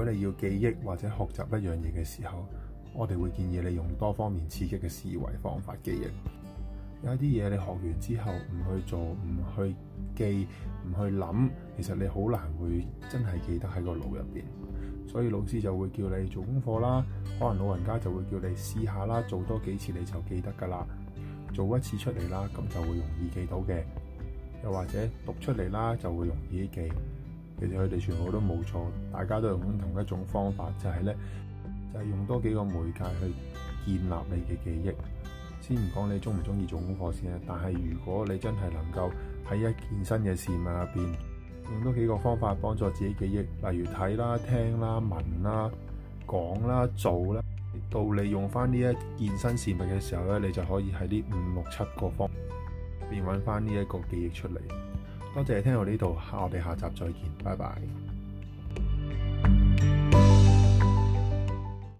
如果你要記憶或者學習一樣嘢嘅時候，我哋會建議你用多方面刺激嘅思維方法記憶。有一啲嘢你學完之後唔去做、唔去記、唔去諗，其實你好難會真係記得喺個腦入邊。所以老師就會叫你做功課啦，可能老人家就會叫你試下啦，做多幾次你就記得㗎啦。做一次出嚟啦，咁就會容易記到嘅。又或者讀出嚟啦，就會容易記。其實佢哋全部都冇錯，大家都用同一種方法，就係咧，就係用多幾個媒介去建立你嘅記憶。先唔講你中唔中意做功課先啦，但係如果你真係能夠喺一件新嘅事物入邊，用多幾個方法幫助自己記憶，例如睇啦、聽啦、聞啦、講啦、做啦，到你用翻呢一件新事物嘅時候咧，你就可以喺呢五六七個方面揾翻呢一個記憶出嚟。多謝你聽到呢度，我哋下集再見，拜拜。